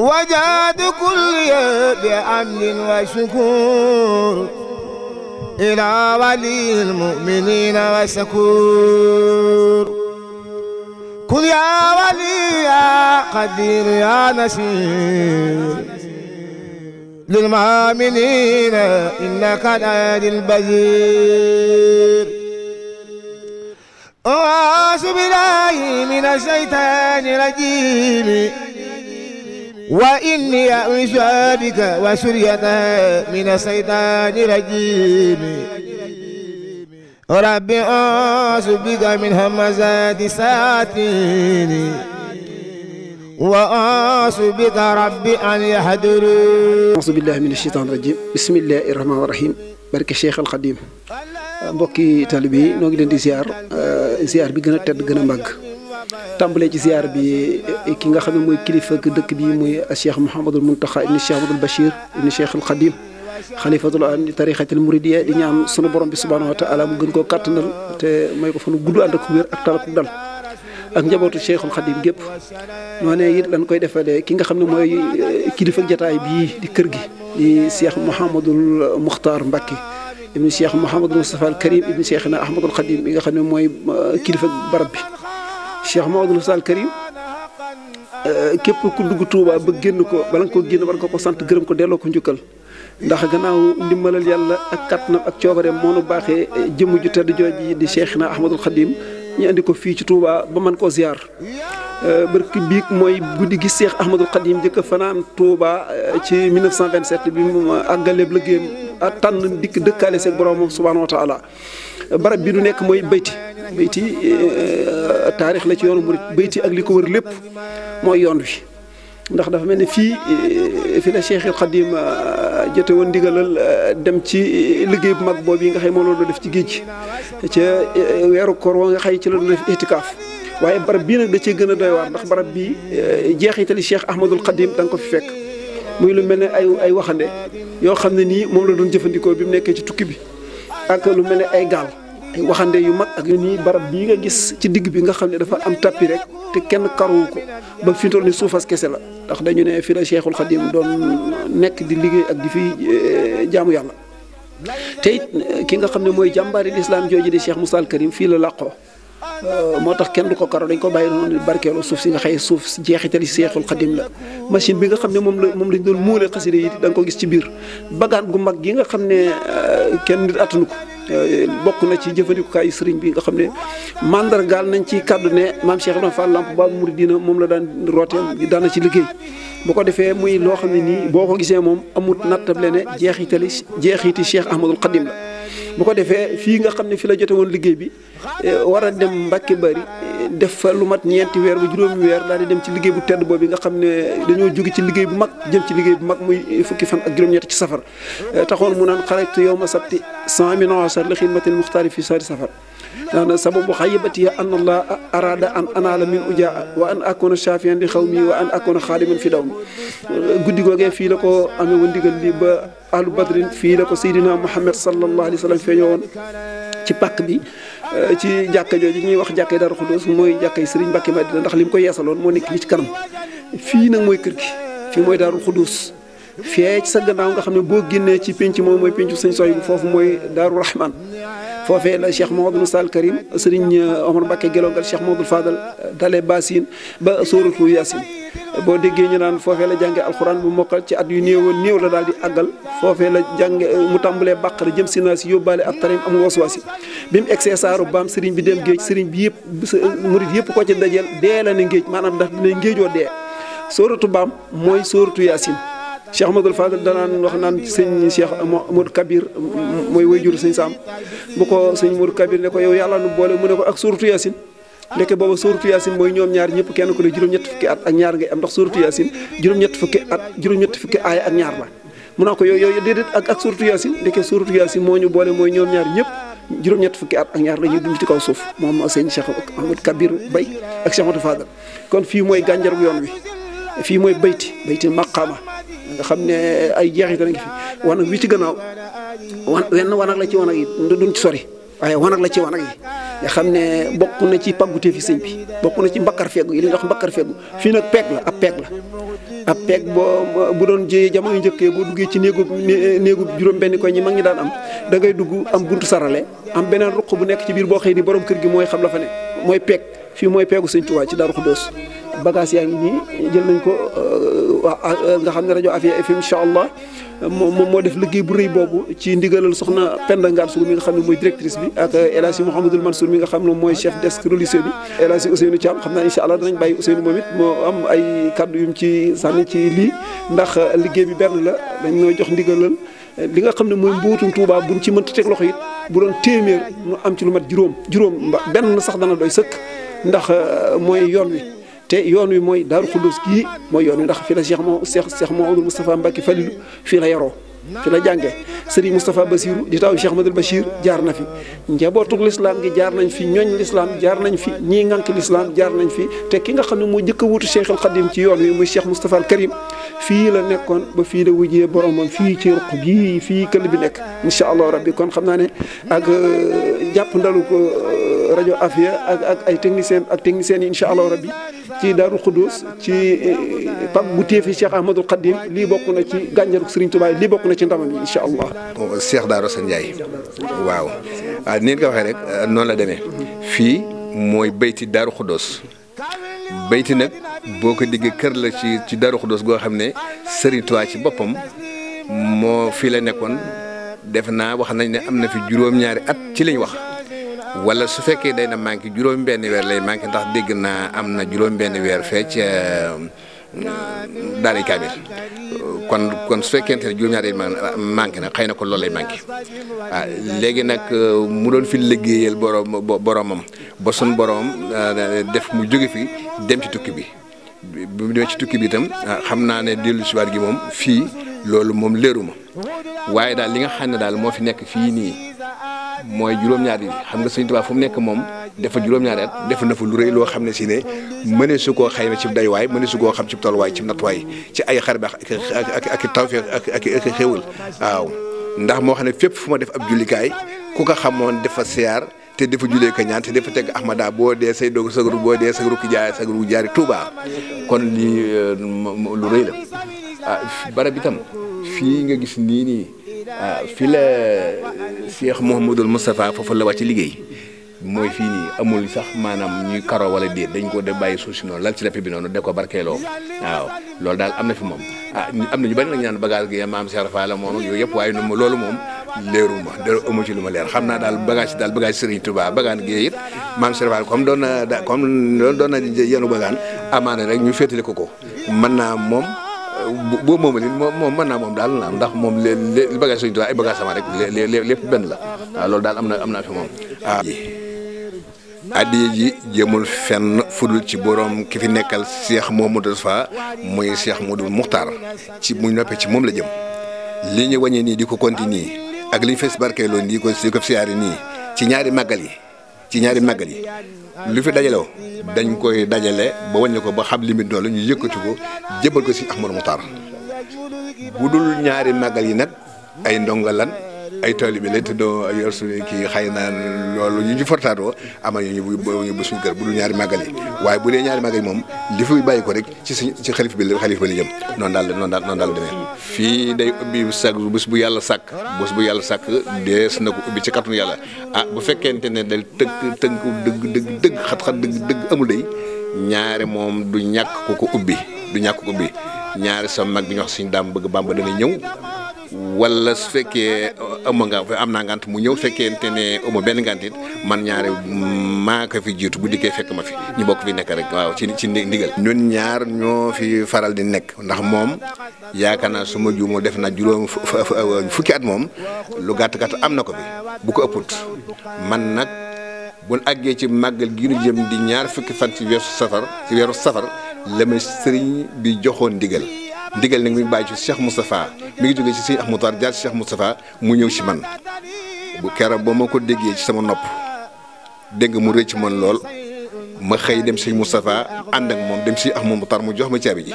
وجاد كل بأمن وشكور إلى ولي المؤمنين وسكور كن يا ولي يا قدير يا نسير للمؤمنين إنك لدي البزير أعوذ بالله من الشيطان الرجيم وإني أعيش بك وسريتها من الشيطان الرجيم رب أعوذ بك من همزات الشياطين وأعوذ بك رب أن يحضرون أعوذ بالله من الشيطان الرجيم بسم الله الرحمن الرحيم barke Cheikh Al Khadim mbokki taalibe yi noo ngi leen di ziar ziar bi gën a tedd gën a màgg tàmbalee ci ziar bi eh, ki nga xam ne mooy kilifa dëkk bi muy cheikh Mouhamadul Mountakha ibni cheikh Abdoul Bachir ibni cheikh al Khadim xalifatul an tarixatil muridiyya di ñaan sunu borom bi subhaanahu wa taala mu gën koo kàttanal te may ko fanu gudd ànd ak wér ak talak dal ak njabootu cheikhul Khadim gépp noo ne it dañ koy defalee ki nga xam ne mooy eh, kilifa jataay bii di kër gi di cheikh Mouhamadul Muxtaar Mbacke ibni cheikh Mouhamadul Moustapha al Karim ibni cheikh na Ahmadul Khadim bi nga xam ne mooy eh, kilifa barab bi Cheikh Maodo Sall Karim euh, képp ku dugg Touba ba génn ko bala nga koo génn war nga ko sant gërëm ko delloo ko njukkal ndax gannaaw ndimbalal yàlla ak kattanam ak coobareem moo nu baaxee euh, jëmm ju tedd jooji di na Ahmadul Khadim ñu indi ko fii ci Touba ba mën koo ziar. Euh, barki biig mooy guddi gi Cheikh Ahmadul Khadim njëkk a fanaan Touba ci 1927 bi mu àggaleeb liggéeyam tànn dikk dëkkaale seeg boromam subhaanahu wa barab bi du nekk mooy bayti bayti euh, taarix la ci yoonu murit bayti ak li ko wër lépp mooy yoon wi ndax dafa mel ne fii euh, fi la Cheikhul Khadim euh, jote woon ndigalal dem ci liggéey bu mag boobu yi nga xëy moo loolu def ci géej gi weeru koor wa nga xëy ci la doon def itikaaf waaye barab bii nag da cee gën a doy ndax barab bi jeex yi jeexitali Cheikh Ahmadul Khadim da nga ko fi fekk muy lu mel ne ay ay waxande yoo xam ne nii moom la doon jëfandikoo bi mu nekkee ci tukki bi ak lu mel ne ay gaal waxande yu mag ak yu nii barab bii nga gis ci digg bi nga xam ne dafa am tappi rek te kenn karuwu ko ba fi toll ni suufas kese la ndax dañu ne fi la Cheikhul Khadim doon nekk di liggéey ak di fi eh, jaamu yàlla te it eh, nga xam ne mooy jàmbaari lislaam jooju di Cheikh Moussa al Karim fii la làqoo eh, moo tax kenn du karo dañ ko bàyyi noonu suuf si nga xëy suuf jeexitali seexul xadim la machine bi nga xam ne moom la moom lañ doon muule xasida yi danga nga ko gis ci biir bagaan gu mag gi nga xam ne kenn nit ko Euh, bokk na ci jëfandikukaayu sëriñ bi nga xam ne mandargaal nañ ci kàddu ne maam Cheikh Ibrahima Fall Lamp Baabul Muridiina moom la daan rootee daan na ci liggéey. bu ko defee muy loo xam ne nii boo ko gisee moom amut nattable ne jeexitali jeexiti Cheikh Ahmadul Xadim la bu ko defee fii nga xam ne fi la jote woon liggéey bi. Eh, war a dem Mbàkke Bari eh, def fa lu mat ñeenti weer ba juróomi weer daal di dem ci liggéey bu tedd boobu yi nga xam ne dañoo joge ci liggéey bu mag jëm ci liggéey bu mag muy eh, fukki fan ak juróom-ñett ci safar taxoon mu naan ci yow ma sabti cent mille li xidmatil muxtaari fi sari safar daana sababu xayibati an allah arada an anaala min ujaa wa an akoona shafiyan li xaw mi wa an akoona xaadiman fi daw mi guddi googee fii la ko amee woon ndigal bi ba ahlu badrin fii la ko seydina Muhammad sallallahu alayhi wa sallam feeñoo woon ci pàkk bi ci jàkka jooju ñuy wax jàkkay Darou Khoudoss mooy jàkkay Serigne Mbacké Madina ndax li mu ko yeesaloon moo nekk li ci kanam fii nag mooy kër gi fii mooy Darou Khoudoss fee ci sa gannaaw nga xam ne boo génnee ci penc moom mooy pencu sëñ Soy bu foofu mooy Darou Rahman foofee la Cheikh Mamadou Moussa al Karim Serigne Omar Mbacké Gelongal Cheikh Mamadou Fadal dale Basine ba Sóoratul Yaasin boo déggee ñu naan foofee la jàngee alxuraan bu mokkal ci at yu néew néew la daal di àggal foofee la jànge euh, mu bàq bàqara jëm si naa si yóbbaale at tarim am waswaasi bi mu egsee saaru baam sëriñ bi dem géej sëriñ bi yëpp euh, murit yëpp ko ci dajeel dee la ne géej maanaam ndax dina géejoo dee sóoratu baam mooy sóoratu yaasin cheikh Amadou Fadel danaan wax naan sëñ moo Modou Kabir mooy wayjur sëñ Saam bu ko sëñ Modou Kabir ne ko yow yàlla nu boole mu ne ak sóoratu yaasin ndeke booba suuratu yaasin mooy ñoom ñaar ñëpp kenn ku ne juróom-ñett fukki at ak ñaar ngay am ndax suuratu yaasin juróom-ñett fukki at juróom-ñett fukki aaya ak ñaar la mu naa ko yooyu yooyu déedéet ak ak moo ñu boole mooy ñoom ñaar ñëpp juróom-ñett fukki at ak ñaar la ñuy dund ci kaw suuf moom sëñ Cheikh Ahmad Kabir Bay ak Cheikh Ahmadou kon fii mooy gànjar bu yoon wi fii mooy bayti bayti maqaama nga xam ne ay jeexital ngi fi wanag wi ci gannaaw wan wenn wanag la ci wanag yi duñ ci sori waaye wanag la ci wanag yi nga xam ne bokk na ci pàggutee fi sëñ bi bokk na ci mbakkar feggu yi li ñuy wax mbakkar feggu fii nag peeg la ab peeg la ab peeg boo bu doon jëyee jamono njëkkee boo duggee ci néegu néegu juróom benn koy ñi mag ñi daan am dangay dugg am buntu sarale am beneen ruq bu nekk ci biir boo xëy ni borom kër gi mooy xam la fa ne mooy peeg fii mooy peegu sëñ Tuubaa ci Daaru Xuddoos bagage yaa ngi nii jël nañ ko euh, euh, nga xam ne rajo Afia FM incha allah moom moo def liggéey bu rëy boobu ci ndigalal soxna Penda Ngaan Sougou mi nga ne mooy directrice bi ak euh, El Hadji Mouhamadoul Mansour mi nga xam ne mooy chef desk religieux bi El Hadji Ousseynou Thiam xam naa incha allah danañ bàyyi Ousseynou moom it moo am ay kaddu yum ci sànni ci lii ndax liggéey bi benn la dañ ñoo jox ndigalal li nga xam ne mooy mbootum Touba buñ ci mënta teg loxo it bu doon téeméer mu am ci lu mat juróom juróom benn sax dana doy sëkk ndax mooy yoon wi te yoon wi mooy daal Xuddus kii mooy yoon wi ndax fi la Cheikh moo seex moo Mouhamadou Moustapha Mbacké Falilou fii la yaroo fi la jànge Serigne Moustapha Bassirou di taw Cheikh Madou Bachir jaar na fi njabootuk lislaam gi jaar nañ fi ñooñ lislaam jaar nañ fi ñii ngànk lislaam jaar nañ fi te ki nga xam ne moo jëkk a wuutu Cheikhul Khadim ci yoon wi muy Cheikh Moustapha al Karim fii la nekkoon ba fii la wujjee boromam fii ci ruq bii fii këll bi nekk incha allah rabbi kon xam naa ne ak jàpp ndalu ko euh, rajo Afia ak ak ay technicien ak technicien yi incha allah ci Daaru Xudus ci pam bu téefi Cheikh Ahmadul Khadim lii bokk na ci gànjaruk Serigne Touba lii bokk na ci ndamam yi incha allah. seex Daaro Sa Ndiaye waaw ah ni ko waxee rek ah, noonu la demee fii mooy bayti Daaru Xudus bayti nag boo ko diggee kër la ci ci Daaru Xudus goo xam ne Serigne Touba ci boppam moo fii la nekkoon def naa wax nañ ne am na fi juróom-ñaari at ci lañ wax. wala su fekkee day na manqué juróom benn weer lay manqué ndax dégg naa am na juróom benn weer fee ca daari kaamil kon kon su fekkente ne juróom-ñaari manqué na xëy na ko loolu lay manqué ah, léegi nag mu doon fi liggéeyal borom boromam ba suñ boromam ah, def mu jóge fi dem ci tukki bi bi mu ci tukki bi itam ah, xam naa ne dellu si waar gi moom fii loolu moom léeruma waaye daal li nga xam ne daal moo fi nekk fii nii. mooy juróom-ñaari xam nga sëñ Tuubaa fu mu nekk moom dafa juróom-ñaari def na fa lu rëy loo xam ne si ne mënee su koo xayma day waay mënee su koo xam ci tolluwaay ci nattuwaay ci ay xar baax ak ak ak tawfeex ak ak ak xéwal waaw ndax moo xam ne fépp fu ma def ab jullikaay ku ko xamoon dafa siyaar te dafa julee ko ñaan te dafa teg ahmada boo dee say doog sagaru boo dee sagaru ki jaay sagaru jaari tuubaa kon lii euh, lu rëy la ah barab itam fii nga gis nii nii. Ah, fi la eh, Cheikh Mouhamadul Moustapha foofu la wàcc liggéey mooy fii nii amul sax maanaam ñuy karo wala déet dañ ko de bàyyi suuf si noonu lal ci lepp bi noonu de ko barkeeloo waaw loolu daal am na fi moom ah am na ñu bari nag ñaan bagage gi moom yooyu yëpp waaye loolu moom leeru ma dara ci lu ma leer xam naa daal bagage daal bagage Serigne Touba bagaan gi it maam Cheikh Rafa comme doon na comme doon na yenu bagaan amaana rek ñu féetale ko ko man naa moom. boo moom moom mën naa moom daal naam ndax moom l bagage Sëriñ Tuubaa ay bagage sama rek lépp benn la waaw loolu daal am na am naa fi moom waaw addiye ji jëmul fenn fudul ci borom ki fi nekkal Cheikh Mouhamadou Moustapha muy Cheikh Mouhamadou Muxtaar ci mu noppee ci moom la jëm li ñu wañee nii di ko continuer ak li ñu fees barkeeloo nii ko si ko siyaare nii ci ñaari màggal yi ci ñaari màggal yi lu fi dajalew dañ koy dajale ba waññee ko ba xam limite doole ñu yëkkati ko jëbal ko si mu Moukhtar bu dul ñaari màggal yi nag ay ndongo lan ay taalibe la te doo yor suñu kii xëy na loolu ñu ci fortaatoo ama ñu ñu bu suñu kër bu dul ñaari màggal yi waaye bu dee ñaari màggal yi moom bàyyi ko rek ci suñ ci xalif bi la xalif bi la jëm noonu daal noonu daal noonu daal demee fii day ubbi sag bés bu yàlla sàkk bés bu yàlla sàkk dees na ko ubbi ci kàttanu yàlla ah bu fekkente ne dal tënk tënk dëgg dëgg dëgg xat-xat dëgg dëgg amul day ñaari moom du ñàkk ko ko ubbi du ñàkk ko ubbi ñaari sa mag bi ñu wax suñu daam bëgg bàmba dana ñëw wala su fekkee uh, am naa ngant mu ñëw fekkente ne ëmb benn ngant man ñaare maa fi jiitu bu dikkee fekk ma fi ñu bokk fi nekk rek waaw ci ci ndigal. ñun ñaar ñoo fi faral di nekk ndax moom yaakaar naa su ma juumoo def na juróom fukki at moom lu gàtt gàtt am na ko fi bu ko ëpput man nag bu àggee ci màggal gi ñu jëm di ñaar fukki fan ci weeru safar ci weeru safar la ma sëriñ bi joxoon ndigal. ndigal li ngi bàyyi ci Cheikh Moustapha mi ngi jógee ci sëñ Ahmadou Tar jaar ci Cheikh Moustapha mu ñëw ci man bu keroog ba ma ko déggee ci sama nopp dégg nga mu rëcc man lool ma xëy dem sëñ Moustapha ànd ak moom dem si Ahmadou Tar mu jox ma caabi ji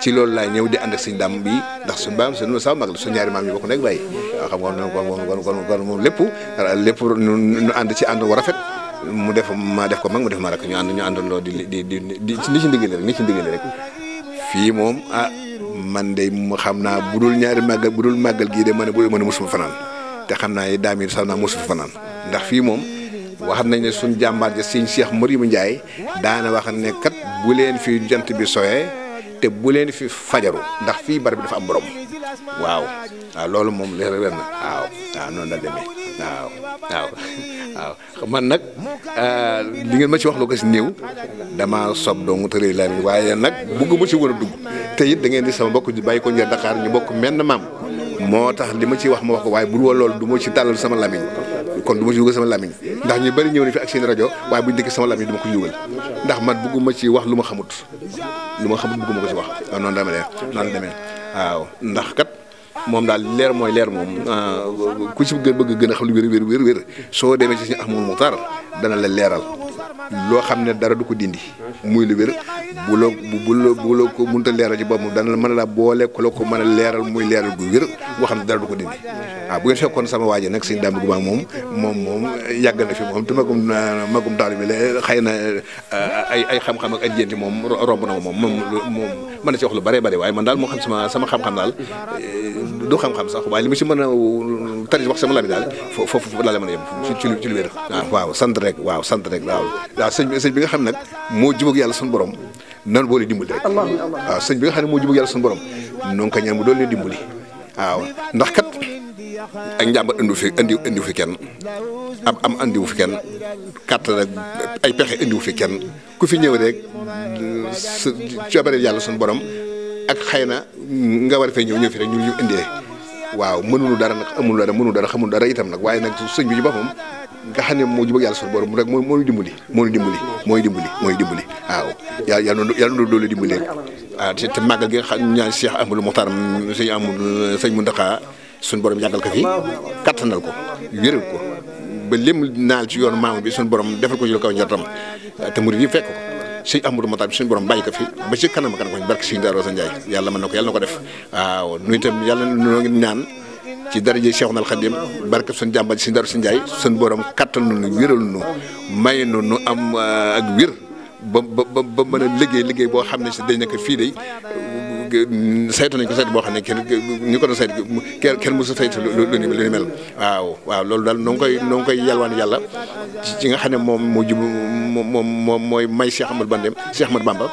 ci loolu laay ñëw di ànd ak sëñ dam bi ndax su suñu baam suñu sama mag la suñu ñaari maam yi bokk nekk bàyyi waaw xam nga kon kon kon kon moom lépp lépp ñu ànd ci ànd wu rafet mu def ma def ko mag mu def ma rakk ñu ànd ñu àndandoo di di di di ni ci ndigal rek fii moom a ah, man de xam naa bu dul ñaari màggal bu dul màggal gii de ma ne bu dul ma ne mosuma fanaan te xam naa ne daamir sax naa mosu fanaan ndax fii moom wax nañ ne suñ jàmbaar ja sëñ Cheikh Mariama Ndiaye daana wax ne kat bu leen fi jant bi soyee te bu leen fi fajaru ndax fii barab bi dafa am borom waaw waaw loolu moom leer na waaw waaw noonu la demee waaw man nag euh, li ngeen ma ci wax loo ko si néew damaa sob doomu tëree laa ni waaye nag bëgguma ci war a dugg te it da ngeen di sama bokk bàyyi ko njër Dakar ñu bokk menn maam moo tax li ma ciy wax ma wax ko waaye bu dul woon loolu du ma ci tàllal sama lamiñ kon du ma ci dugal sama lamiñ ndax ñu bari ñëw na fi ak seen rajo waaye bu dëkk sama lamiñ du ma ko ci dugal ndax man bëgguma ci wax lu ma xamut lu ma xamut bëgguma ko ci wax waaw noonu dama demee noonu demee waaw ndax moom daal leer mooy leer moom ah, ku ci gën bëgg gën a xam lu wér wér wér soo demee ci Sëriñ Ahmadou Moukhtar dana la leeral loo xam ne dara du ko dindi muy lu wér bu la bu la bu la ko mënut a leeral ci boppam dana mën a la boole ku la ko mën a leeral muy leeral gu wér boo xam ne dara du ko dindi waaw bu ngeen fekkoon sama waaji nag sëñ Dame Gouba moom moom moom yàgg na fi moom te magum euh, magum taal bi la xëy na euh, ay ay xam-xam ak ajjénti moom romb na moom moom moom mën na si wax lu bare bare waaye man daal moo xam sama sama xam daal euh, du xam-xam sax waaye li ma si mën a tari wax sama lami daal foofu foofu laa la mën a yem ci waaw sant rek waaw sant rek waaw waaw sëñ bi bi nga xam nag moo jubóog yàlla suñu borom noonu boo leen dimbali rek waaw sëñ bi nga xam ne moo jubóog yàlla suñu borom noonu ko ñaan mu doon leen dimbali waaw ndax kat ak njàmbat andiwu fi andi andiwu fi kenn am am andiwu fi kenn kàttan ak ay pexe andiwu fi kenn ku fi ñëw rek sa coobare yàlla suñu borom ak xëy na nga war fee ñëw ñëw fi rek ñu ñu indee waaw mënuñu dara nag amul dara mënuñu dara xamul dara itam nag waaye nag sëñ bi ci boppam nga xam ne moo jubóog yàlla suñu borom rek moo moo ñu dimbali moo ñu dimbali mooy dimbali mooy dimbali waaw yàlla yàlla na yàlla na doole dimbali rek waaw te te màggal gi xam ñaan Cheikh Amadou Mokhtar sëñ Amadou sëñ Mountakha suñu borom yàggal ko fi kattanal ko wéral ko ba lépp ci yoonu maamu bi suñu borom defal ko ci lu te murid yi fekk ko sëñ Amadou Mokhtar bi suñu borom bàyyi ko fi ba ci kanam kanam ko barke sëñ yàlla mën na ko yàlla na ko def waaw nuyu itam yàlla noo ngi ñaan ci daraje Cheikhul Khadim barke suñ jàmba si ndaru si njaay suñ borom kattal nu wéral nu may noonu nu am uh, ak wér ba ba ba mën a liggéey liggéey boo xam ne si dañ nekk fii day saytu nañ ko saytu boo xam ne kenn ñu ko doon saytu kenn kenn mosu saytu lu lu ni mel waaw waaw loolu daal noo koy noo koy yalwaan yàlla ci nga xam ne moom moo jub moom moom mooy may Cheikh Ahmadou Bamba Cheikh Ahmadou Bamba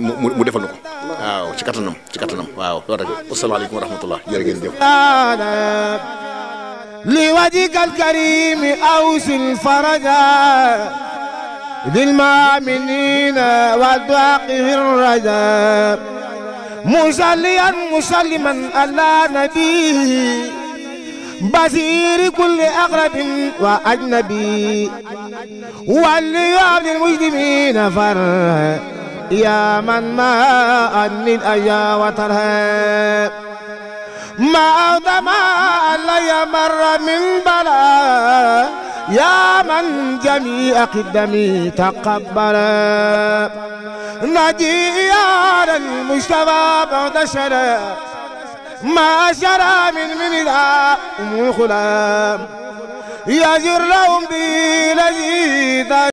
mu mu defal na ko waaw ci kattanam ci kattanam waaw loolu rek asalaamaaleykum wa rahmatullah jërë ngeen jëf li wajikal karimi awsil faraja lil maaminina wa duaqihi raja musalliyan musalliman ala nabihi بصير كل أقرب وأجنبي واللي يعطي المجرمين فرح يا من ما أني الأيا وترهب ما أعظم علي مر من بلاء يا من جميع قدمي تقبل نجي يا المجتبى بعد شراب ما شرى من من الأم الخلام يجر لهم بي لذيذ